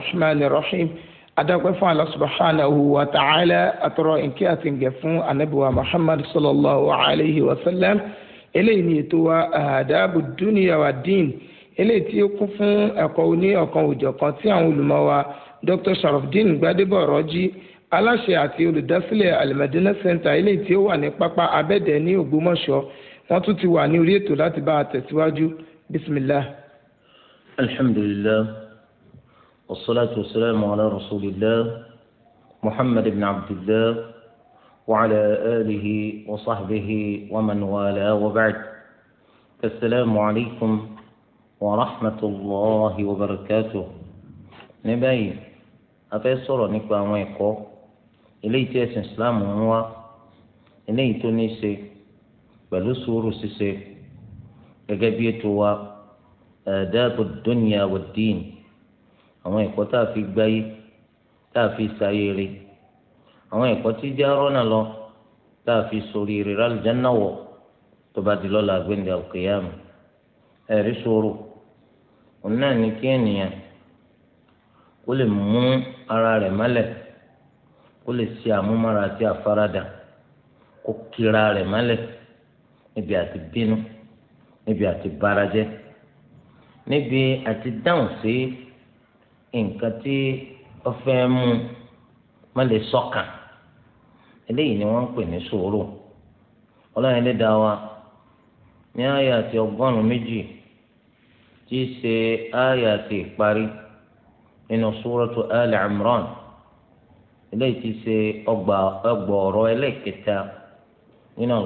rahman rahim adakwe fún Allah subhanahu wa ta'ala atọrọ nkí àti ngẹ fún anabiwa muhammad sallallahu alayhi wa sallam eléyìí ni ètò wa àdábù dúnìyà wa dín eléyìí tí ó kún fún ẹ̀kọ́ oní ọ̀kan òjọ̀kan tí àwọn olùmọ̀ wa dr sharafdin gbadebo ọ̀rọ̀jì aláṣẹ àti olùdásílẹ̀ alimadina center eléyìí tí ó wà ní pápá abẹ́dẹ̀ ní ògbómọ̀ṣọ́ wọ́n tún ti wà ní orí ètò láti bá a tẹ̀síwájú bisimilah. alhamdulilayi. والصلاة والسلام على رسول الله محمد بن عبد الله وعلى آله وصحبه ومن والاه وبعد السلام عليكم ورحمة الله وبركاته نبي صورة نكوى ويقو إلي تيس إسلام هو إلي تونسي بل سورو سيسي gẹ́gẹ́ آداب الدنيا والدين àwọn ẹ̀kọ́ tá a fi gbáyé tá a fi ṣayére àwọn ẹ̀kọ́ tí jẹ́ rọ́nà lọ tá a fi sori ìrírá lùjáná wọ̀ tó bá di lọ́la gbẹ̀ndẹ̀ àkèyàmù ẹ̀rí sòrò òun náà ní kí ènìyàn kó lè mú ara rẹ̀ mọ́lẹ̀ kó lè ṣe àmúmára àti àfaradà kó kíra rẹ̀ mọ́lẹ̀ níbi àti bínú níbi àti bárajẹ́ níbi àti dáhùn sí. Si, nǹkan tí ó fẹ́ mú má lè sọ́kàn eléyìí ni wọ́n ń pè ní sùúrù ọlọ́run ẹlẹ́dàá wa ní àyà àti ọgọ́rùn-ún méjì tí í ṣe àyà àti ìparí nínú eléyìí ṣe ẹlẹ́kẹta nínú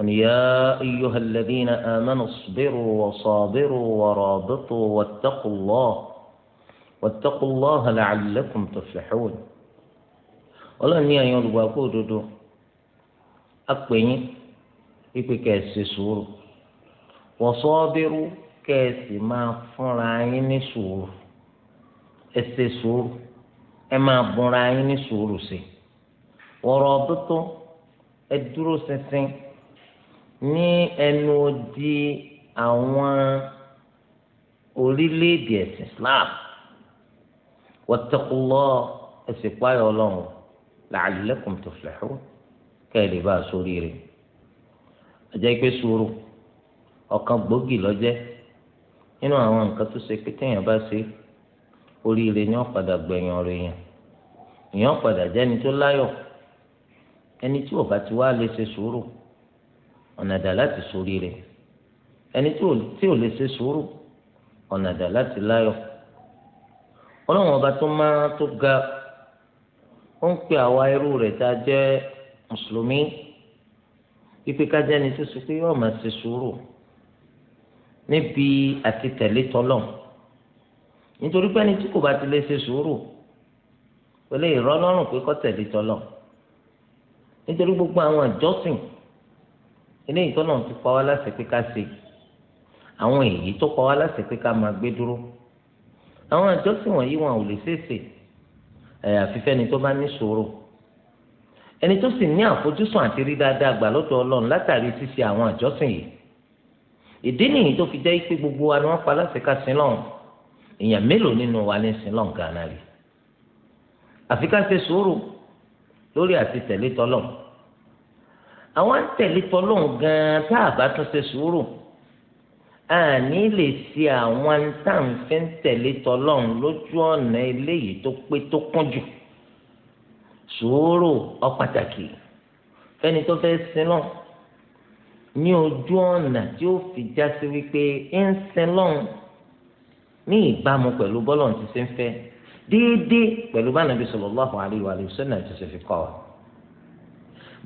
يا أيها الذين آمنوا اصبروا وصابروا ورابطوا واتقوا الله واتقوا الله لعلكم تفلحون ولا ني أن دو اكو دو دو اپيني سور وصابروا كيس ما فراي سور اس سور اما براي سور سي ورابطوا ادرو سسين ní ẹnu odi àwọn orílẹ̀-èdè ẹ̀sìn Islam wọ́tẹ́kùlọ́ ẹ̀sìn páyọ̀ ọlọ́run la'allakum tuflihun kẹ́lẹ́ bá a sórí rẹ̀ ọjọ́ pé sùúrù ọ̀kan gbòógì lọ́jẹ́ nínú àwọn nǹkan tó ṣe pé téèyàn bá ṣe oríire ni wọ́n padà gbẹ̀yìn ọ̀rọ̀ èèyàn èèyàn padà jẹ́ni tó láyọ̀ ẹni tí ò bá ti wá lè ṣe sùúrù ọ̀nà àdá láti sórí rẹ̀ ẹni tí ò lè ṣe sùúrù ọ̀nà àdá láti láyọ̀ ọlọ́run ọba tó máa tó ga ó ń pe àwa irú rẹ̀ tá a jẹ́ mùsùlùmí pípé kájá ni tó ṣe pé yóò máa ṣe sùúrù níbi àti tẹ̀lé tọ́lọ̀ nítorí pé ẹni tí kò bá ti lè ṣe sùúrù pẹ̀lú ìrọ́lọ́rùn pé kọ́ tẹ̀lé tọ́lọ̀ nítorí gbogbo àwọn ìjọsìn eléyìí tó lọ́n ti pa wá láṣẹ pé ká ṣe àwọn èyí tó pa wá láṣẹ pé ká máa gbé dúró àwọn àjọsìn wọ̀nyí wọn ò lè ṣèṣe àyàfi fẹ́ni tó bá ní ṣòro ẹni tó sì ní àfojúsùn àti rí dáadáa gbà lọ́dọ̀ ọlọ́run látàrí ṣíṣe àwọn àjọsìn yìí ìdí nìyí tó fi jẹ́ pé gbogbo wa ni wọ́n pa láṣẹ ká sin lọ́run èèyàn mélòó nínú wa ní sin lọ́run gánà rí àfi ká ṣe sùúrù lórí àti tẹ̀lé tọ́lọ́run àwọn ń tẹ̀lé tọ́lọ́hún gan-an tá a bá tún ṣe sùúrù àní lè ṣe àwọn tá à ń fi ń tẹ̀lé tọ́lọ́hún lójú ọ̀nà eléyìí tó pé tó kún jù sùúrù ó pàtàkì fẹ́ni tó fẹ́ sin lọ́n ní ojú ọ̀nà tí ó fi já sí wípé ń sin lọ́n ní ìbámu pẹ̀lú bọ́lọ̀ ti ṣe ń fẹ́ déédéé pẹ̀lú bá nàbí sallallahu alaihi wa sallam ti ṣe fi kọ́ wa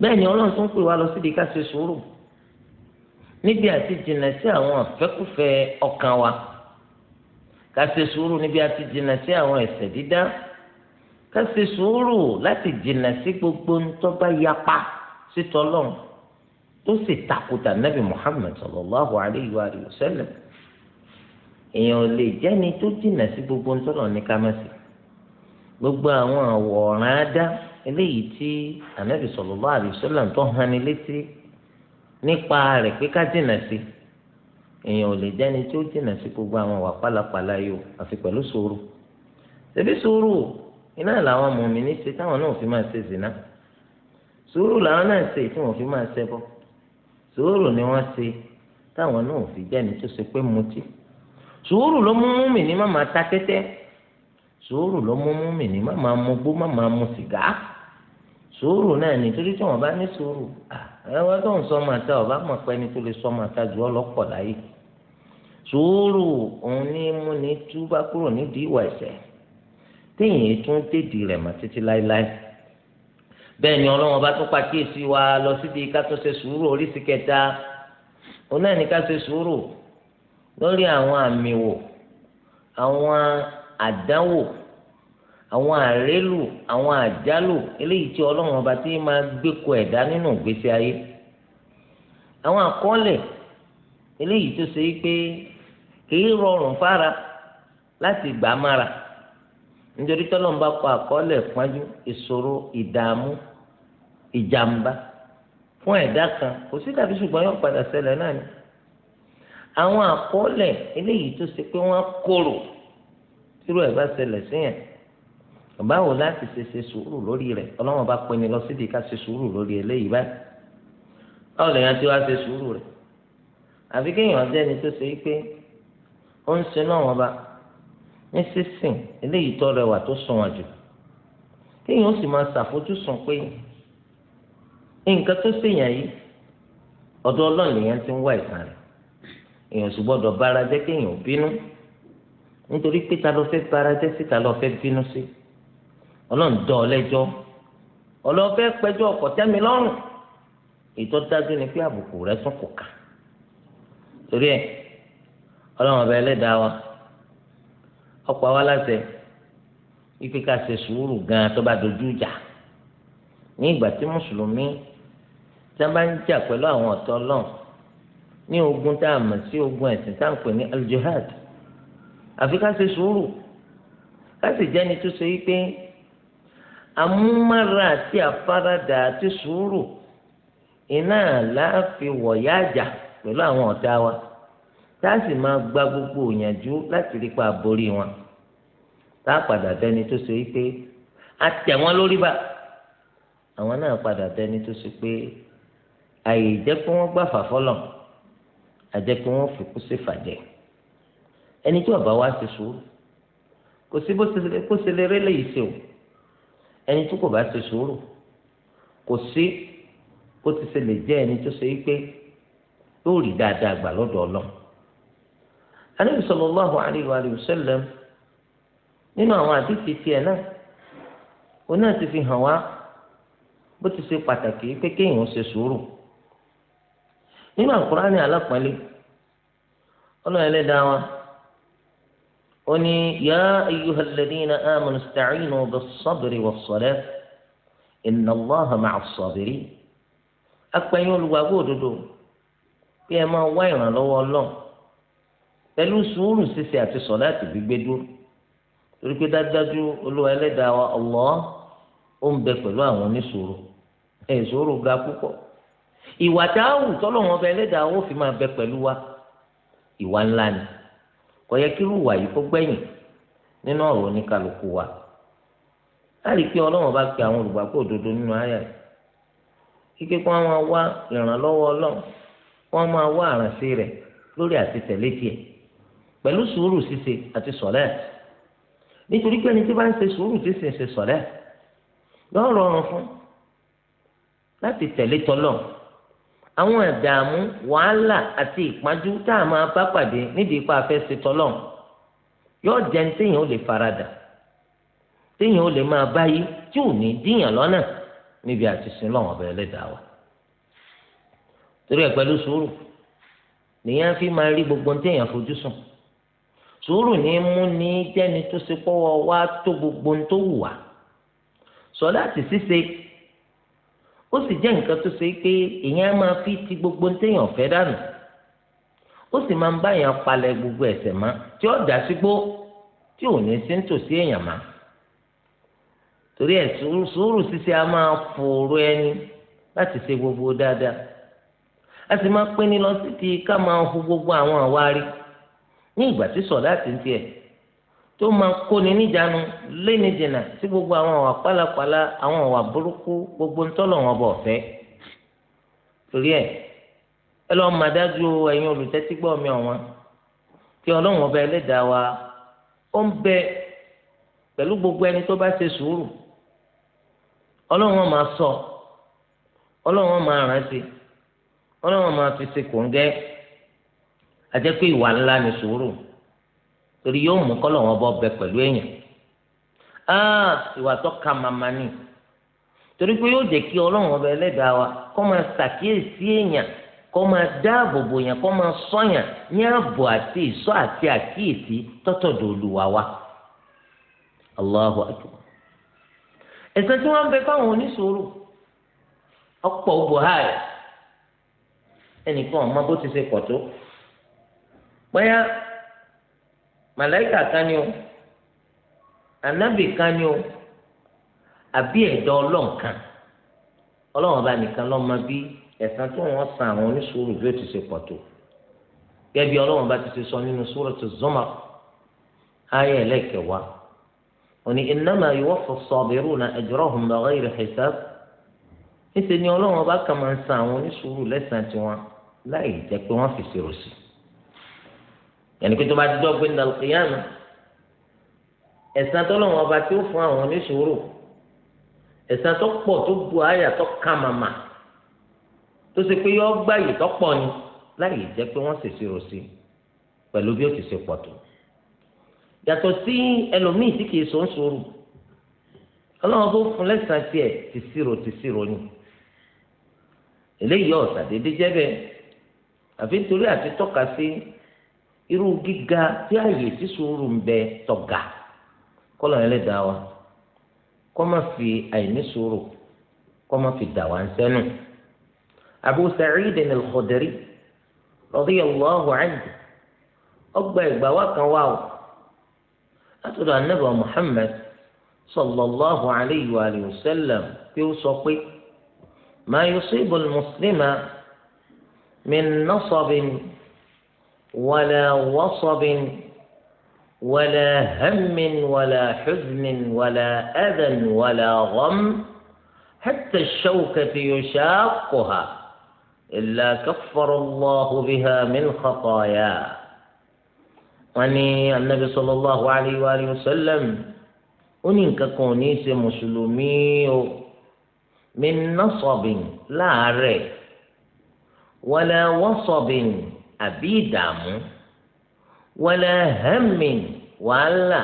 bẹ́ẹ̀ ni ọlọ́run tún pè wá lọ síbi ká ṣe sùúrù níbi àti jìnnà sí àwọn àfẹ́kùfẹ́ ọkàn wa ká ṣe sùúrù níbi àti jìnnà sí àwọn ẹ̀ṣẹ̀ dídá ká ṣe sùúrù láti jìnnà sí gbogbo ntọ́ba yapa sí tọ́lọ́run tó sì takùtà nàbì Muhammad sallallahu alayhi wa sallam èèyàn ò lè jẹ́ni tó jìnnà sí gbogbo ntọ́lọ́run ní ká má sí gbogbo àwọn àwòrán á dá eléyìí tí anabi sallallahu alaihi wasallam tó hàn ní létí nípa rẹ̀ pé ká jìnà sí èèyàn ò lè jẹ́ni tí ó jìnà sí gbogbo àwọn wà pálapàla yìí o àfi pẹ̀lú sùúrù ṣebí sùúrù iná làwọn mùmíní ṣe táwọn náà fi máa ṣe zìnà sùúrù làwọn náà ṣe tí wọn fi máa ṣẹbọ sùúrù ni wọn ṣe táwọn náà fi jẹ́ni tó ṣe pé mutí sùúrù ló mú mùmíní má máa ta tẹ́tẹ́ sùúrù ló mú mùmíní má máa mugbó má máa mu sìgá sùúrù náà ni torí tí wọn bá ní sùúrù ẹwọn tó ń sọ máa ta ọba mọ̀ pé ẹni tó lè sọ máa ta jù ọ lọ́pọ̀ láyé sùúrù òun ní mú ni túbá kúrò nídìí ìwà ẹ̀ṣẹ̀ téèyàn tún tètè rẹ̀ mọ́ títí láéláé bẹ́ẹ̀ ni ọlọ́wọ́n bá tún pàkíyèsí wa lọ síbi ká tún ṣe sùúrù oríṣi kẹta òun náà ní ká ṣe sùúrù lórí àwọn àmì wò àwọn àdánwò àwọn àrélù àwọn àjálù eléyìí tí ọlọ́run ọba tí máa gbé ẹ̀dá nínú ìgbésí ayé àwọn àkọọ́lẹ̀ eléyìí tó ṣe pé kìí rọrùn fára láti gbà mára nítorí tọ́lọ́run bá kọ àkọọ́lẹ̀ ìṣòro ìdààmú ìjàmbá fún ẹ̀dá kan kò sí dàbí ṣùgbọ́n yóò padà ṣẹlẹ̀ náà ni àwọn àkọọ́lẹ̀ eléyìí tó ṣe pé báwo láti ṣe ṣe sùúrù lórí rẹ̀ ọlọ́wọ́n bá pinni lọ síbi ká ṣe sùúrù lórí eléyìí báyìí báwo lèèyàn ti wá ṣe sùúrù rẹ̀ àfi kéèyàn jẹ́ni tó ṣe pé ó ń ṣe náà wọn bá ní sísìn eléyìí tó rẹwà tó sunwọ̀n jù kéèyàn ó sì máa ṣàfojúsùn pé nǹkan tó ṣèyàn yìí ọ̀dọ̀ Ọlọ́run lèèyàn ti ń wá ìsàn rẹ̀ èèyàn sì gbọ́dọ̀ bára jẹ́ kéèyàn bínú nítorí pé ta ló fẹ́ bára jẹ́ sí ló fẹ́ bínú sí. Si ọlọ́run dán ọ lẹ́jọ́ ọlọ́fẹ́ pẹjọ́ ọkọ̀ tẹ́mi lọ́rùn ètò dájú ni pé àbùkù rẹ sún kò kà torí ẹ ọlọ́run ọba ẹlẹ́dàá wa ọ̀pọ̀ àwa láṣẹ ipe ká ṣe sùúrù gan-an tó bá dojú ìjà ní ìgbà tí mùsùlùmí tá a bá ń jà pẹ̀lú àwọn ọ̀tá ọlọ́run ní ogun tá a mọ̀ sí ogun ẹ̀sìn tá a ń pè ní aljihad àfi ká ṣe sùúrù ká sì jẹ́ni tó ṣe wípé amúmára àti àfaradà àti sùúrù iná láàfin wọ̀yá àjà pẹ̀lú àwọn ọ̀tá wa tá a sì máa gba gbogbo òyànjú láti rí pa àborí wọn tá a padà dẹni tó ṣe wípé a tẹ̀ wọ́n lórí bá àwọn náà padà dẹni tó ṣe pé àyè jẹ́ pé wọ́n gbà fàfọ́lọ̀ àjẹ́ pé wọ́n fìkú sí fàjẹ́ ẹni tí ọ̀bá wa ti sùúrù kò sí bó ṣe lè rélé yìí ṣe o. ẹni tí kò bá ṣe sùúrù kò sí ó ti ṣe lè jẹ́ ẹni tó ṣe wípé yóò rí dáadáa gbà lọ́dọ̀ ọlọ́run. anábì sallallahu alaihi wa sallam nínú àwọn àdìsí náà òun náà ti fi hàn wá bó ti ṣe pàtàkì pé kéèyàn ṣe sùúrù nínú àkùránì alápọ̀nlé ọlọ́run ẹlẹ́dàá wa. أني يا أيها الذين آمنوا استعينوا بالصبر والصلاة إن الله مع الصابرين أكبر الوجود دو بما وين لو الله pẹ̀lú sùúrù ṣíṣe àti gbígbé dúró torí pé dájúdájú olúwa wa Allah ó ń bẹ pẹ̀lú àwọn oníṣòro ìṣòro ga púpọ̀ ìwà tá a wù tọ́lọ́wọ́n ọba ẹlẹ́dàá ó fi máa bẹ pẹ̀lú wa ìwà ńlá ni kò yẹ kí irú wà yìí kó gbẹ̀yìn nínú ọ̀rọ̀ oníkàlùkù wa láti pé ọlọ́wọ́n bá pe àwọn olùgbàgbọ́ òdodo nínú àyà yìí kíkẹ́ kó máa wá ìrànlọ́wọ́ ọlọ́run kó máa wá àrànṣe rẹ̀ lórí àti tẹ̀lé tiẹ̀ pẹ̀lú sùúrù ṣíṣe àti sọ̀lẹ́ nítorí pé ẹni tí bá ń ṣe sùúrù ṣíṣe ṣe sọ̀lẹ́ lọ́rọ̀ ọ̀run fún láti tẹ̀lé tọ́lọ́run àwọn ìdààmú wàhálà àti ìpájú tá a máa bá pàdé nídìí ipa afẹ́ ṣe tọ́lọ̀ yóò jẹ́ ní téèyàn ó lè faradà téèyàn ó lè máa báyé tí ò ní díyàn lọ́nà níbi àtisìn lọ́wọ́ ọ̀bẹ ẹlẹ́dàá wa torí ẹ̀ pẹ̀lú sùúrù nìyẹn fi máa rí gbogbo téèyàn fojú sùn sùúrù ní mú ní jẹ́ni tó ṣe pọ́wọ́ wá tó gbogbo tó wù wá sọ láti ṣíṣe. ó sì jẹ́ nǹkan tó ṣe pé èèyàn máa fi ti gbogbo téèyàn fẹ́ dànù ó sì máa ń bá èèyàn palẹ̀ gbogbo ẹ̀ṣẹ̀ mọ́ tí ó dà sígbó tí ò ní sí nítòsí èèyàn mọ́ torí ẹ̀ sùúrù ṣíṣe a máa fòòró ẹni láti ṣe gbogbo dáadáa a sì máa pín ní lọ sí ti ká máa hu gbogbo àwọn àwárí ní ìgbà tí sọ̀dá ti ń tiẹ̀ tó máa kóni níjànú léni dènà sí gbogbo àwọn ọ̀wà pálapàla àwọn ọ̀wà burúkú gbogbo ńtọ́lọ̀ wọn bọ̀ fẹ́ torí ẹ̀ ẹ lọ́ọ́ máa dájú ẹ̀yin olùtẹ́tígbọ́ mi ọ̀wọ́n kí ọlọ́run wa ó ń bẹ pẹ̀lú gbogbo ẹni tó bá ṣe sùúrù ọlọ́run máa sọ máa rántí máa torí yóò mú kọ́lọ̀ wọn bọ́ bẹ pẹ̀lú èèyàn áà ah, ìwà tó ka màmá ni torí pé yóò jẹ́ kí ọlọ́run ọba ẹlẹ́dàá wa ma máa ṣàkíyèsí èèyàn kó máa dáàbò bò yàn kó máa sọ́yàn ní ààbò àti àti àkíyèsí tọ́tọ̀dọ̀ wa Allahu akbar ẹ̀sẹ̀ tí wọ́n bẹ fáwọn oníṣòro ọ̀pọ̀ buhari ẹnìkan ọmọ bó ti ṣe pọ̀ màláìkà kan ni o ànábì kan ni o àbí ẹ̀dọ́ ọlọ́run kan ọlọ́run ọba nìkan ló mọ bí ẹ̀san tó wọ́n san àwọn oníṣòwò bí ó ti ṣe pọ̀ tó gẹ́gẹ́ bí ọlọ́run ọba ti ṣe sọ nínú Suratu Zumar ayé ẹlẹ́kẹ̀wá òní innama yuwaffa as-sabiruna ajrahum bighayri hisab níṣẹ́ ni ọlọ́run ọba kan máa ń san àwọn oníṣòwò lẹ́san tiwọn láì jẹ́ pé wọ́n fi ṣèrò sí i yẹnni pé tó bá dídọ́ gbé ní alùpùpù ẹ̀san tọ́lọ́wọ́n ọba tí ó fún àwọn oníṣòro ẹ̀san tó pọ̀ tó bu àyà tó ká màmá tó ṣe pé yọ gbàyè tó pọ̀ ni láyè jẹ́ pé wọ́n ṣèṣirò sí pẹ̀lú bí ó ti ṣe pọ̀ tó yàtọ̀ sí ẹlòmíì tí kìí sọ ń sòrò ọlọ́wọ́n bó fún lẹ́sàn tiẹ̀ ti ṣirò ti ṣirò ni eléyìí ọ̀sà déédéé jẹ́ bẹ́ẹ̀ àfi nítorí àti tọ́ka sí. Si, irú gíga tí ààyè sí sùúrù ń bẹ tọ̀gà kọ́lọ̀ yẹn lè dá wa kọ́ má fi àìní sùúrù kọ́ má fi dà wá ń sẹ́nu. Abu Sa'id al-Khudri radiyallahu anhu ọgbà ìgbà wa kan wà o látọ̀dọ̀ anábà Muhammad sallallahu alayhi wa sallam pé ó sọ pé ma yusibu al-muslima min nasabin. ولا وصب ولا هم ولا حزن ولا أذى ولا غم حتى الشوكة يشاقها إلا كفر الله بها من خطاياه وني النبي صلى الله عليه وآله وسلم ونين كونيس مسلمي من نصب لا ري ولا وصب àbí ìdààmú wala hammin wàhálà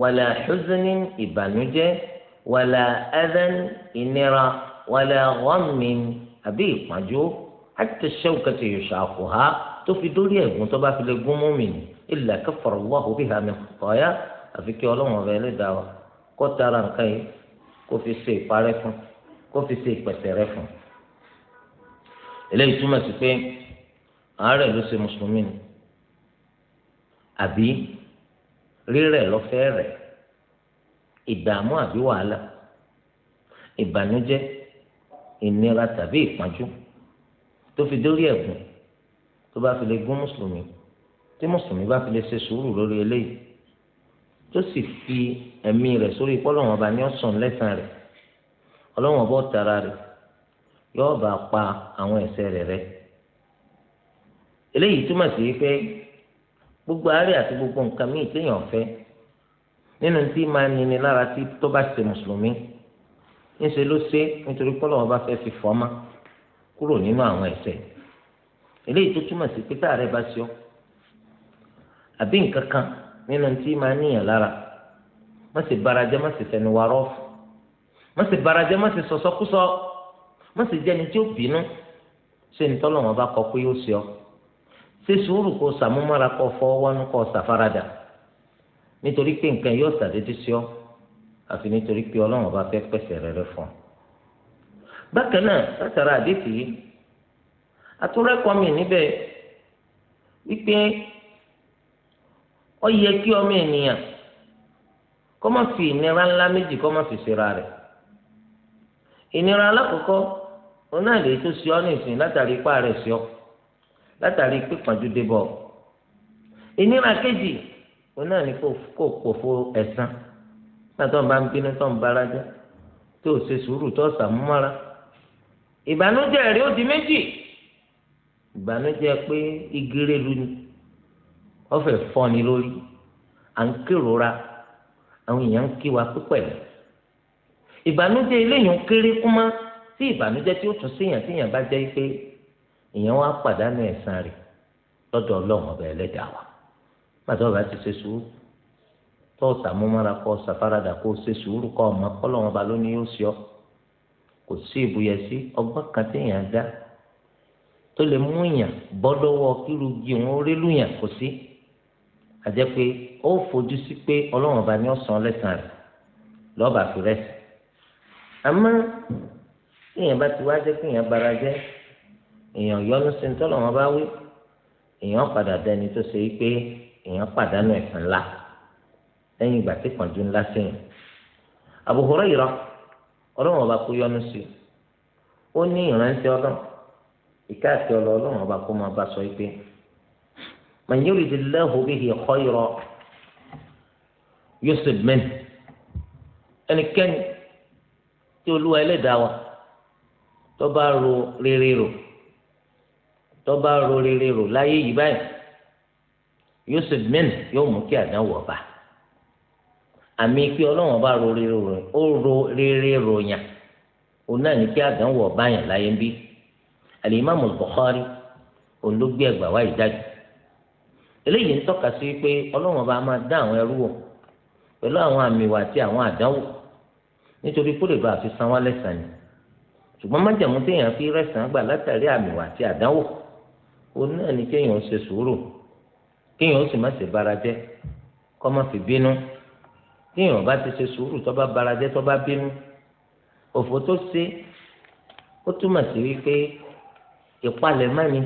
wala huzunin ìbànújẹ́ wala adan ìnira wala ghammin àbí ìpọ́njú hatta shawkati yushaquha tó fi dórí ẹ̀gún tó bá fi lè gún mọ́mì ní illa kaffara Allahu biha min khataya àfi kí ọlọ́run ọ̀rẹ́ lè dá wa kó tara nǹkan yìí kó fi ṣe ìparẹ́ fún kó fi ṣe ìpẹ̀sẹ̀ fún. eléyìí túmọ̀ sí pé àárẹ̀ ló ṣe mùsùlùmí ni àbí rírẹ̀ lọ́fẹ́ rẹ̀ ìdààmú àbí wàhálà ìbànújẹ́ ìnira tàbí ìpọ́njú tó fi dórí ẹ̀gùn tó bá fi lè gún mùsùlùmí tí mùsùlùmí bá fi lè ṣe sùúrù lórí eléyìí tó sì fi ẹ̀mí rẹ̀ sórí pọ́lọ́wọ́n bá ní ọ̀sán lẹ́sàn rẹ̀ ọlọ́wọ́n bọ́ tara rẹ̀ yóò bá pa àwọn ẹ̀ṣẹ̀ rẹ̀ rẹ́ eléyìí túmọ̀ sí pé gbogbo àárẹ̀ àti gbogbo nǹkan míì téèyàn fẹ́ nínú tí máa nini lára tí tó bá ṣe mùsùlùmí ńṣe ló ṣe nítorí pé Ọlọ́run bá fẹ́ fi fọ́mọ́ kúrò nínú àwọn ẹ̀ṣẹ̀ eléyìí tó túmọ̀ sí pé táàrẹ̀ bá ṣe ọ́ àbí nǹkan kan nínú tí máa níyàn lára má sì barajẹ́ má sì fẹnu wa rọ́ọ̀fù má sì barajẹ́ má sì sọ̀sọ́kúsọ má sì jẹ́ni tí ó bínú ṣe ní tọ́lọ́run bá kọ pé yóò ṣe ọ́ ṣe sùúrù kó sàmúmára kó fọwọ́nú kó sàfaradà nítorí pé nǹkan yóò sàdédé sí ọ àfi nítorí pé ọlọ́run ọba fẹ́ pèsè rere fún ọ. bákan náà látara àdéhùn yìí àtúrẹ́kọ̀ọ́ mi níbẹ̀ wípé ó yẹ kí ọmọ ènìyàn kó má fi ìnira ńlá méjì kó má fi ṣera rẹ̀ ìnira alákọ̀ọ́kọ́ òun náà lè tó sí ọ ní ìsìn látàrí ipá rẹ̀ sí ọ. látàrí pípọ̀njú débọ̀ ìnira kejì òun náà ni kò pòfo ẹ̀san náà ń bá ń bínú tó ń bára ṣe sùúrù ó di méjì ìbànújẹ́ pé igi rélu ni ọ̀fẹ́ fọ́ni lórí à ń kérora àwọn èèyàn ń pípẹ́ ìbànújẹ́ eléyìí ń kéré kúmá sí ìbànújẹ́ tí ó tún èèyàn wá pàdánù ẹ̀san rẹ̀ lọ́dọ̀ ọlọ́run ọba ẹlẹ́dàá wa pàtó ọba ti ṣe sùúrù tó ọ̀tà múmára kọ́ ṣàfaradà kó ṣe sùúrù kọ́ ọmọ kọ́lọ́run ọba ló ní yóò ṣe ọ́ kò sí ìbúyẹ sí ọgbọ́n kan téèyàn dá tó lè mú yàn bọ́ lọ́wọ́ kíru gi òun rí lùyàn kò sí àjẹ́ pé ó fojú sí pé ọlọ́run ọba ní ọ̀sán lẹ́sàn rẹ̀ lọ́ọ̀bà fi rẹ̀ sí àmọ́ téèyàn bá ti wá jẹ́ kéèyàn bara jẹ́ èèyàn yọnu sí ní tọ́lọ̀ wọn bá wí èèyàn padà dẹni tó ṣe pé èèyàn pàdánù ẹ̀san ńlá lẹ́yìn ìgbà tí kànjú ńlá sẹ́yìn Abu Hurairah ọlọ́wọ́n bá kú yọnu sí ó ní ìrántí ọlọ́run ìka àti ọlọ́run ọba kó máa bá sọ pé man yuridillahu bihi khayran yusib minhu ẹnikẹ́ni tí olúwa ẹlẹ́dàá wa tó bá ro rere rò tọ́ba ro rere rò láyé yìí báyìí yusuf min yóò mú kí àdánwò ọba àmì pé ọlọ́run ọba ro rere rò ó ro rere ròyàn òun náà ní kí àdánwò ọba yàn láyé bí alimami Bukhari olóògbé ẹgbà wá ìdájọ eléyìí ń tọ́ka sí pé ọlọ́run ọba máa dá àwọn ẹrú wò pẹ̀lú àwọn àmì wà àti àwọn àdánwò nítorí kó lè bá àfi san wá lẹ́sàn-án ni ṣùgbọ́n májàmú téèyàn fi rẹ̀sán gbà látàrí àmì wà àti àdánwò òun náà ni kéèyàn ṣe sùúrù kéèyàn ó sì má ṣe bara jẹ́ kó má fi bínú téèyàn bá ti ṣe sùúrù tó bá bara jẹ́ tó bá bínú òfò tó ṣe ó túmọ̀ sí wípé ìpalẹ̀mọ́ ni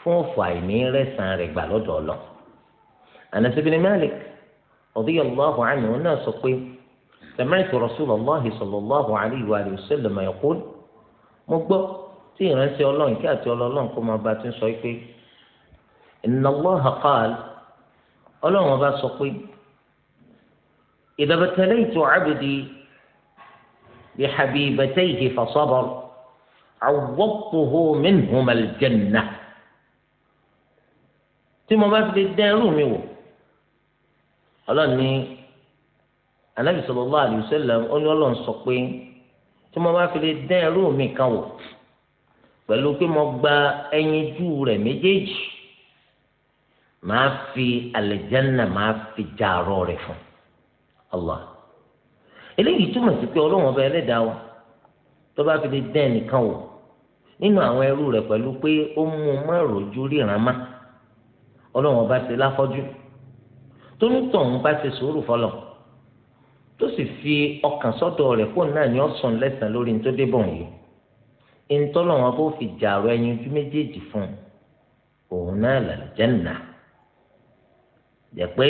fún òfò àìní rẹ̀sán rẹ̀ gbà lọ́dọ̀ ọ̀lọ́ Anas ibn Malik radiyallahu anhu náà sọ pé sami'tu Rasulullahi sallallahu alayhi wa sallam yaqul mo gbọ́ tí ìránṣẹ́ ọlọ́run kí àti ọlọ́run kó máa bá ti ń sọ pé inna Allaha qala ọlọ́run ọba sọ pé idha btalaytu abdi bi habibatayhi fa sabara awwattuhu minhuma al-jannah tí mo bá fi lè dán ẹrú mi wò ọlọ́run ní Ànábì sallallahu ọlọ́run sọ pé tí mo bá fi lè dán ẹrú mi kan wò pẹ̀lú pé mo gba ẹyinjú rẹ̀ méjèèjì màá fi àlẹ́jánà màá fi já àárọ̀ rẹ̀ fún Allah eléyìí túmọ̀ sí pé ọlọ́wọ́n ọba ẹlẹ́dàá wa tó bá fi lè dẹ́ ẹnìkan wò nínú àwọn ẹrú rẹ̀ pẹ̀lú pé ó mú un má rojú ríran má ọlọ́wọ́n ọba ṣe láfọ́jú tó ní tọ̀hún bá ṣe sùúrù fọlọ́ tó sì fi ọkàn sọ́dọ̀ rẹ̀ fóun náà ní ọ̀sán lẹ́sàn lórí ní tó dé bọ̀ yìí ìntọ́lọ̀ wọn bó fi jàrọ ẹyin ojú méjèèjì fún òun náà làlùjẹ́nà jẹ́ pé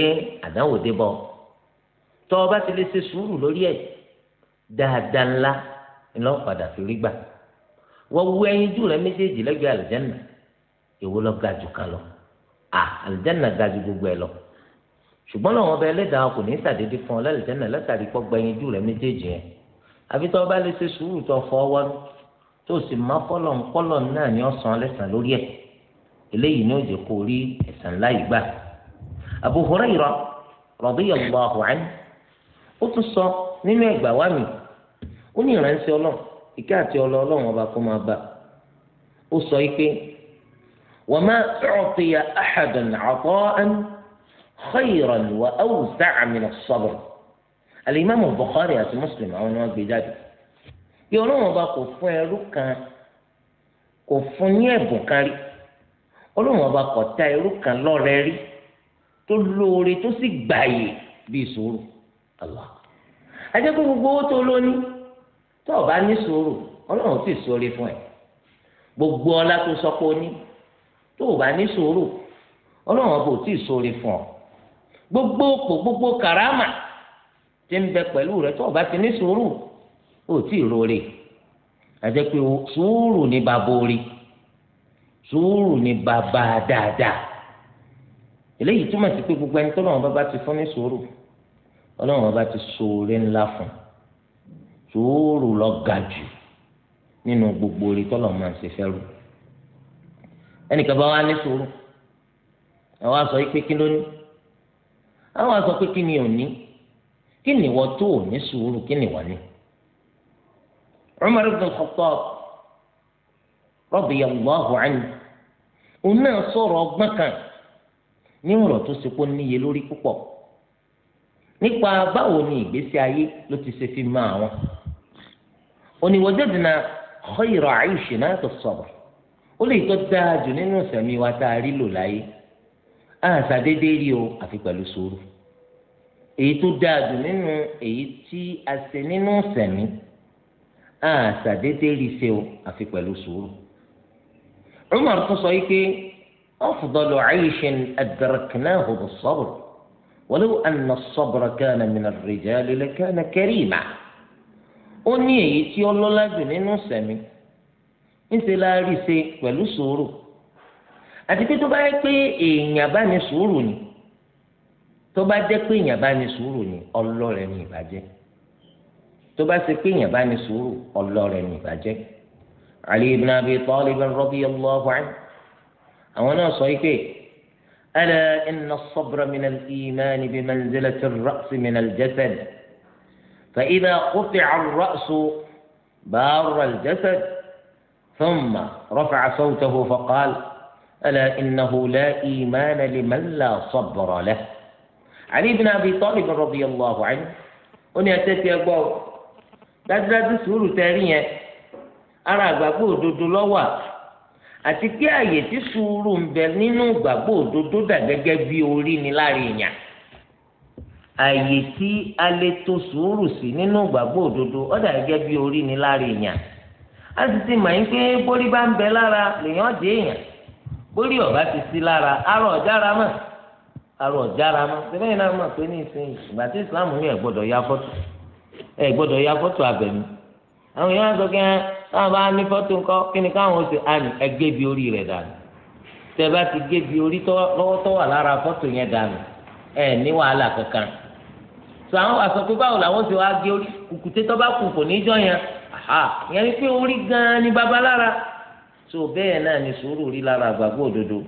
àdánwò dé bọ̀ tọ́ ọ bá ti lè ṣe sùúrù lórí ẹ̀ dáadáa ńlá ńlọ padà fi rí gbà wọ́n wú ẹyin ojú rẹ méjèèjì lẹ́gbẹ̀ẹ́ àlùjẹ́nà èwo lọ ga jù kan lọ à àlùjẹ́nà ga ju gbogbo ẹ̀ lọ ṣùgbọ́n lọ́wọ́ ọba ẹlẹ́dàá kò ní sàdédé fún ọ lálùjẹ́nà látàrí pọ́ gba ẹyin ojú rẹ méjèèjì yẹn àfi tọ́ ọ bá lè ṣe sùúrù tó fọ́ wọ́n tó sì má kọ́lọ̀ ń kọ́lọ̀ náà ni ó san lẹ́sàn lórí ẹ̀ eléyìí ni ó jẹ́ kó rí ẹ̀sán láì gbà. Abu Hurairah radiyallahu anhu ó tún sọ nínú ẹ̀gbà wá mi ó ní ìránṣẹ́ ọlọ́run ìkẹ́ àti ọlọ́ ọlọ́run ọba kó máa bá ó sọ yìí pé wa ma u'tiya ahadan 'ata'an khayran wa awsa'a min as-sabr al-Imam Bukhari àti Muslim àwọn ni wọ́n gbé jáde bí ọlọ́run ọba kò fún ẹrú kan kò fún ní ẹ̀bùn kan rí ọlọ́run ọba kò ta ẹrú kan lọ́rẹ rí tó lóore tó sì gbààyè bíi sùúrù Allah ajẹ́ pé gbogbo owó tó lóní tó o bá ní sùúrù ọlọ́run ò sì sóore fún ẹ gbogbo ọlá tó sọ pé o ní tó o bá ní sùúrù ọlọ́run ọba ò tí ì sóore fún ọ gbogbo òpò gbogbo kàrámà ti ń bẹ pẹ̀lú rẹ tó o ti ní sùúrù ó tí ì rore àti pé sùúrù ní bàbá orí sùúrù ní bàbá dáadáa eléyìí túmọ̀ sí pé gbogbo ẹni tọ́lọ́wọ́n bá bá ti fún ní sùúrù ọlọ́wọ́n bá ti ṣoore ńlá fún sùúrù ló ga jù nínú gbogbo orí tọ́lọ́wọ́n máa ń ṣe fẹ́ rú ẹnìkan bá wá ní sùúrù àwọn aṣọ yìí pé kí ló ní àwọn aṣọ pé kí ni ò kí ni wọ́n tó ò sùúrù kí ni wọ́n ní Umar ibn rọbụ ya radiyallahu anhu anyị. náà sọ̀rọ̀ ọgbọ́n kan ní ọ̀rọ̀ tó ṣe pé níye lórí púpọ̀ nípa báwo ti fi máa wọn oníwọ̀jọ́dìnà khayra 'ayshina as-sabr ó lè tọ́ dáa jù nínú ìsẹ̀mí wa tá a rí o a àṣàdédé rí ṣe o àfi pẹ̀lú sùúrù. Umar tún sọ wípé afdalu aishin adraknahu bis-sabr walau anna as-sabra kana min ar-rijali lakana karima. ó ní èyí tí ó lọ́lá jù nínú sẹ̀mí ńṣe la rí ṣe pẹ̀lú sùúrù àti pé tó bá yẹ pé èèyàn bá ní sùúrù ni tó bá jẹ́ pé èèyàn bá ní sùúrù ni ọlọ́rẹ̀ ni ìbàjẹ́ tó bá ṣe pé èèyàn bá ní sùúrù ọlọ́rẹ̀ ní ìbàjẹ́ alẹ Ali ibn Abi Talib radiyallahu ẹ àwọn náà sọ yìí pé ala inna as-sabra min al-iman bi manzilati ar-ra's min al-jasad fa idha quti'a ar-ra's بار الجسد ثم رفع صوته فقال الا انه لا ايمان لمن لا صبر له علي بن ابي طالب رضي ní عنه ان اتيت اقوى dájúdájú sùúrù tẹrí yẹn ara àgbàgbọ́ òdodo lọ́wọ́ àti pé àyè tí sùúrù ń bẹ nínú ìgbàgbọ́ òdodo dà gẹ́gẹ́ bí orí ni láàrin èèyàn àyè tí a lè to sùúrù sí nínú ìgbàgbọ́ òdodo ó dà gẹ́gẹ́ bí orí ni èèyàn a sì ti pé bórí bá ń bẹ lára lèèyàn dé èèyàn bórí ti sí lára ya ẹ gbọ́dọ̀ ya fọ́tò abẹ̀mí àwọn yẹn wọ́n sọ kí wọ́n bá ní fọ́tò ńkọ́ kí ni káwọn ṣe àní ẹ gébi orí rẹ̀ dànù tẹ bá ti gébi orí lọ́wọ́ tó wà lára fọ́tò yẹn dànù ẹ ní wàhálà kankan sọ àwọn wà sọ pé báwo làwọn ṣe wá gé orí kùkùté tó bá kù kò ní jọ yẹn ìyẹn ni pé orí gan ni babalára tó bẹ́ẹ̀ náà ni sùúrù rí lára àgbàgbọ́ òdodo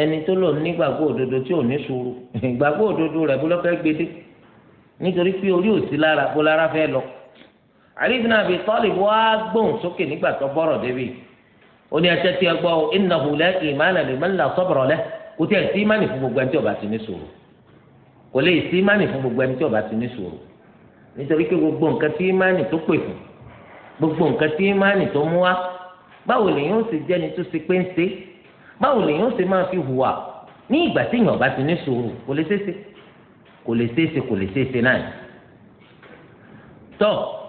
ẹni tó lò nígbàgbọ́ òdodo tí ò ní sùúrù ìgbàgbọ́ òdodo rẹ̀ bú lọ́kẹ́ gbede nítorí pé orí òsì lára bó lára fẹ́ lọ Ali ibn Abi Talib wá gbóhùn sókè nígbà tó bọ́rọ̀ débi ó ní ẹsẹ̀ tí ẹ gbọ́ ọ innahu la imana liman la sabra lahu kò tí ẹ sí ìmánì fún gbogbo ẹni tí ó bá ti ní sùúrù kò lè sí ìmánì fún gbogbo ẹni tí ó bá ti ní sùúrù nítorí pé gbogbo nǹkan tí ìmánì tó pè fún gbogbo nǹkan tí ìmánì tó mú wá báwo lèyìn ó sì jẹni tó ṣe pé ń ṣe báwo lèyìn ó sì máa fi hùwà ní ìgbà tí èèyàn bá ti ní sùúrù kò lè ṣeé ṣe kò lè ṣeéṣe kò lè ṣeéṣe náà tọ́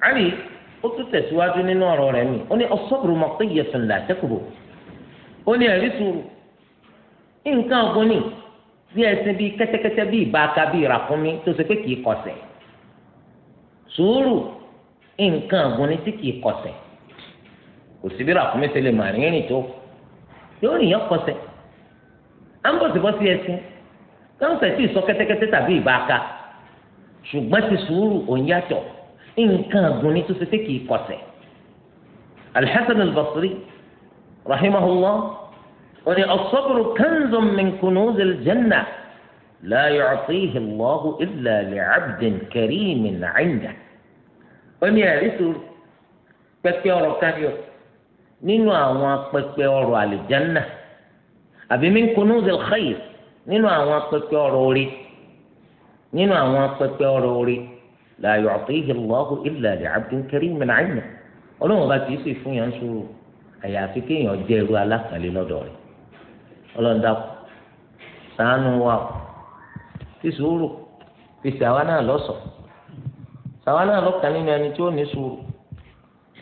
Ali ó tún tẹ̀síwájú nínú ọ̀rọ̀ rẹ̀ mi ó ní ọ̀sọ́bùrù maqiyatun la takbu ó ní ẹ̀rí sùúrù nǹkan ọ̀gbun ni bí ẹṣin bíi kẹ́tẹ́kẹ́tẹ́ bíi ìbáka bíi ìràkúnmí tó ṣe pé kìí kọsẹ̀ sùúrù nǹkan ọ̀gbun ni tí kìí kọsẹ̀ kò sí bí ìràkúnmí ṣe lè mà rìnrìn tó yóò rìn yẹn à ń bọ̀ sí bọ́ sí ẹṣin táwọn ti sọ kẹ́tẹ́kẹ́tẹ́ tàbí ìbáka ṣùgbọ́n ti sùúrù òǹyàtọ̀ nǹkan àgùn ni tó ṣe pé kìí kọsẹ̀ Al-Hasan al-Basri rahimahullah wọn ni as-sabru kanzun min kunuzil jannah la yu'tihi Allahu illa li'abdin karimin 'indahu wọn ni ẹ̀rí sùúrù pẹpẹ ọ̀rọ̀ káyọ nínú àwọn pẹpẹ ọ̀rọ̀ àlìjánná àbí min kunuzil khayr. nínú àwọn pẹpẹ ọ̀rọ̀ orí nínú àwọn pẹpẹ ọ̀rọ̀ orí la yu'tihi Allahu illa li'abdin karimin 'ayna ọlọ́run bá kìí sì fún yàn sùúrù àyàfi kéèyàn jẹ́ irú alákàlẹ́ lọ́dọ̀ rẹ̀ ọlọ́run dákú ṣàánú wa o fi sùúrù fi ṣàwa náà lọ́sọ̀ ṣàwa náà lọ́kàn nínú ẹni tí ó ní sùúrù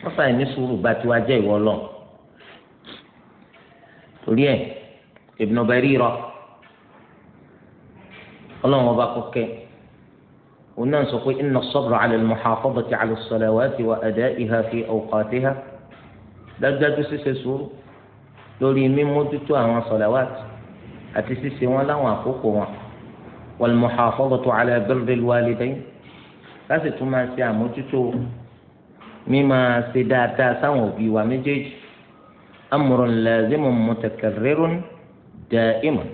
wọ́n fà sùúrù bá tiwa jẹ́ ìwọ lọ torí ẹ̀ Ibn Barira. ọlọ́run ọba kọ́kẹ́ òun náà sọ pé inna as-sabra 'ala al-muhafazati 'ala as-salawati wa ada'iha fi awqatiha dájúdájú ṣíṣe sùúrù lórí mímójútó àwọn sọ̀làwàtì àti ṣíṣe wọn láwọn àkókò wọn wal-muhafazatu 'ala birri al-walidayn láti tún máa ṣe àmójútó mímá ṣe dáadáa sáwọn òbí wa méjèèjì amrun lazimun mutakarrirun da'imun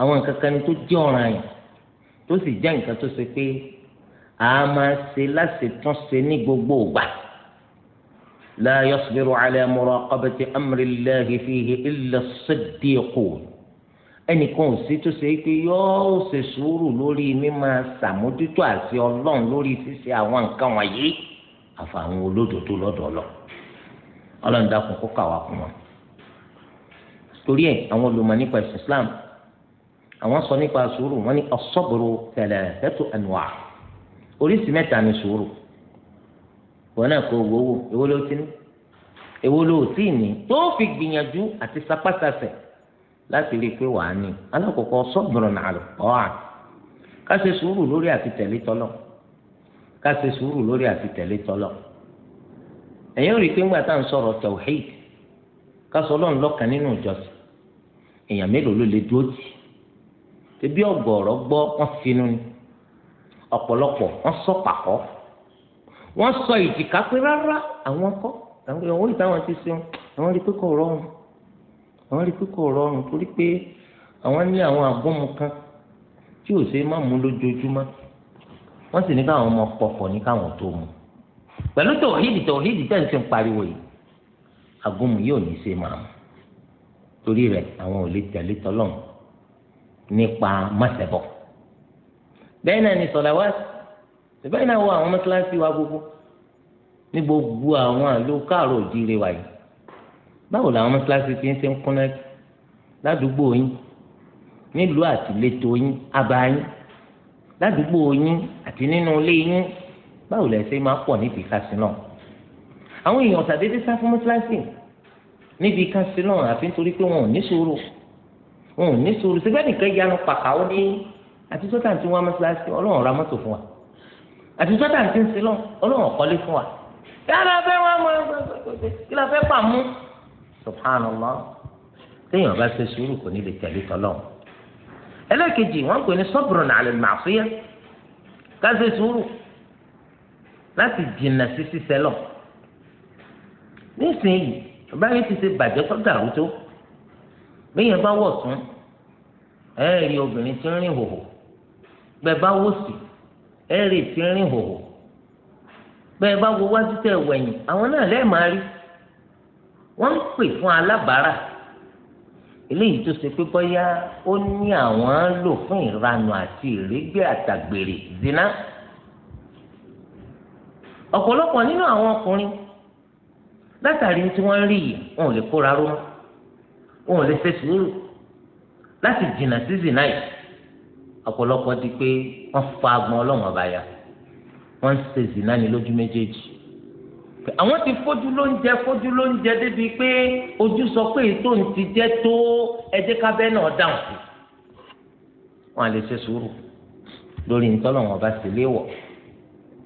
àwọn nǹkan kan tó jẹ́ ọ̀ràn yìí tó sì jẹ́ nǹkan tó ṣe pé a máa ṣe láṣetúnṣe ní gbogbo ìgbà la yasbiru ala muraqabati amri llahi fihi illa as-siddiqun ẹnìkan ò sí tó ṣe pé yóò ṣe sùúrù lórí mímọ̀ ṣàmójútó àti Ọlọ́run lórí ṣíṣe àwọn nǹkan wọ̀nyí àfàwọn olódodo lọdọọlọ Ọlọ́run dákun kó kà wá kún wọn torí ẹ̀ àwọn olùmọ̀ nípa ẹ̀sìn Islam àwọn sọ nípa sùúrù wọn ní ọ̀sọ́bùrù thalathatu anwa oríṣìí mẹ́ta ni sùúrù wọn náà kó owó wò èwo ló ti ní èwo ló tí ì ní tó fi gbìyànjú àti sapásasẹ̀ láti rí i pé wàá ní alákòókò ọ̀sọ́bùrù nàlọ́ ọ̀hà ká ṣe sùúrù lórí àti tẹ̀lé tọ́lọ̀ ká sùúrù lórí àti tẹ̀lé tọ́lọ̀ ẹ̀yin rí i pé ńgbà tá à ń sọ̀rọ̀ tawhid ká sọ ọlọ́run nínú ìjọsìn èèyàn mélòó ló lè dúró tì í ebi ọ̀gọ̀rọ̀ gbọ́ wọ́n sínú ni ọ̀pọ̀lọpọ̀ wọ́n sọ pàkọ́ wọ́n sọ ìjìká pé rárá àwọn kọ́ àwọn ìyàwó ìtàwọn ti ṣeun àwọn rí pé kò rọrùn àwọn rí pé kò rọrùn torí pé àwọn ní àwọn àgbọmọ kan tí ò ṣe má mú lójoojúmọ́ wọ́n sì ní káwọn ọmọ pọpọ ní káwọn tó mu pẹ̀lú tòhídì tòhídì tẹ̀ ń ṣe ń pariwo yìí àgbọmọ yóò ní í ṣe máa mu torí rẹ̀ àwọn ò lè tẹ̀lé tọlọ́run nípa mọ́sẹ̀bọ̀ bẹ́ẹ̀ náà ni sọ̀làwá bẹ́ẹ̀ náà wọ àwọn mọ́sálásí wa gbogbo ní gbogbo àwọn àlọ́ káàró òjìire wa yìí báwo làwọn mọ́sálásí ti ń ṣe ń kúnná ládùúgbò yín nílùú àtìlétò yín abayín ládùúgbò yín àti nínú ilé yín báwo lẹ ṣe máa pọ̀ níbi kásínà àwọn èèyàn tàbí ti sá fún mọ́sálásí níbi kásínà àfi nítorí pé wọn ò ní sùúrù wọn ò ní sùúrù síbẹ̀ nìkan yanu pàkàwọ́ ní àti sọ́tà tí wọ́n mọ́sálásí ọlọ́run ra mọ́tò fún wa àti sọ́tà tí ń sin lọ ọlọ́run kọ́lé fún wa yàrá fẹ́ wọn mọ kí la fẹ́ pàmò subhanallah téèyàn bá ṣe sùúrù kò ní lè tẹ̀lé tọ́lọ́ ẹlẹ́kejì wọ́n pè ní sọ́bùrù nàlẹ́ màfíà ká ṣe sùúrù láti jìnnà sí sísẹ́ lọ nísìnyí báyìí ti ṣe bàjẹ́ tó dàrú tó bẹ́ẹ̀ yẹn bá wọ̀ tún ẹ rí obìnrin tí ń rìn hòhò bẹ́ẹ̀ bá wò sí ẹ rí tí ń rìn hòhò bẹ́ẹ̀ bá wo wájú tẹ wẹ̀yìn àwọn náà lẹ́ẹ̀ máa rí wọ́n ń pè fún alábàárà eléyìí tó ṣe pé bóyá ó ní àwọn ń lò fún ìranù àti ìrégbè àtàgbèrè zina ọ̀pọ̀lọpọ̀ nínú àwọn ọkùnrin látàrí tí wọ́n rí yìí wọn ò lè kóra ró wọn ò lè ṣe sùúrù láti jìnnà sí zina yìí ọ̀pọ̀lọpọ̀ di pé wọ́n fa agbọn ọlọ́run ọba ya wọ́n ń ṣe zina ní lójú méjèèjì àwọn ti fojú lóúnjẹ fojú lóúnjẹ débi pé ojú sọ pé ètò ń ti jẹ tó ẹjẹ kábẹ́ náà dáhùn sí wọn lè ṣe sùúrù lórí ntọ́lọ́wọ́n ọba sì léwọ̀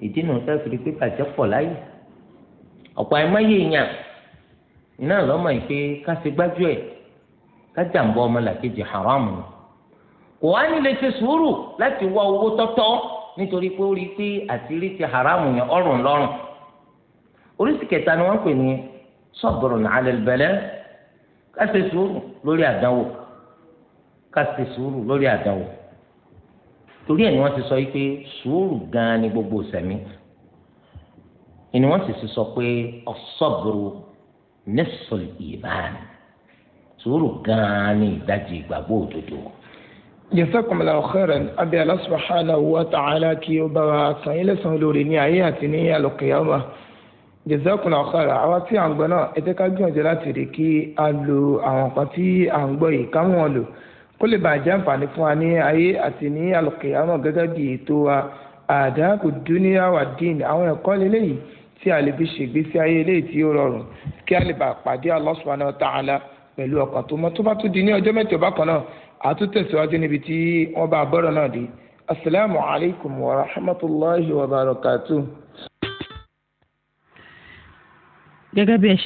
ìdí nu sẹ́fìrí pé bàjẹ́ pọ̀ láyè ọ̀pọ̀ àìmọye èèyàn náà lọ́mọ ìpè ká ṣe gbájú ẹ̀ kájàmbá ọmọlàkejì haram ni kò wá nílé ṣe sùúrù láti wá owó tọ́tọ́ nítorí pé ó rí i pé àtìrí ti haram yẹn ọrùn lọ́rùn oríṣi kẹta ni wọ́n pè ní sabrun ala al ká ṣe sùúrù lórí àdánwò ká ṣe sùúrù lórí àdánwò torí ẹ̀ ni wọ́n ti sọ pé sùúrù gan-an ni gbogbo sẹ̀mí ni wọ́n sì sọ pé as-sabru nisful sùúrù gan-an ni ìdajì ìgbàgbọ́ òdodo. jẹ́sàkùnmọ̀lá ọ̀kẹ́rẹ̀ abẹ́ alásùbáhánà wa ta'ala kí ó bá wa san ilé san olórí ní ayé àti ní àlùkìyàmà jẹ́sàkùnmọ̀lá ọ̀kẹ́rẹ̀ àwa tí à ń gbọ́ náà ẹ ká gbìyànjú láti rí kí a lo àwọn kan tí à ń gbọ́ yìí ká wọn lò kó lè bàa jẹ́ àǹfààní fún wa ní ayé àti ní àlùkìyàmà gẹ́gẹ́ bí ètò wa àdáàkù dúníyà dín àwọn ẹ̀kọ́ lélẹ́yìí tí a lè fi ṣègbésí ayé eléyìí tí ó rọrùn kí a lè bàa pàdé Allah subhanahu wa ta'ala pẹ̀lú ọkàn tó mọ́ tó bá tún di ní ọjọ́ mẹ́jọ bákan náà a tún tẹ̀síwájú níbi tí wọ́n bá bọ́rọ̀ náà dé asalaamu alaykum wa rahmatulahi wa barakatu. gẹ́gẹ́ bí ẹ ṣe.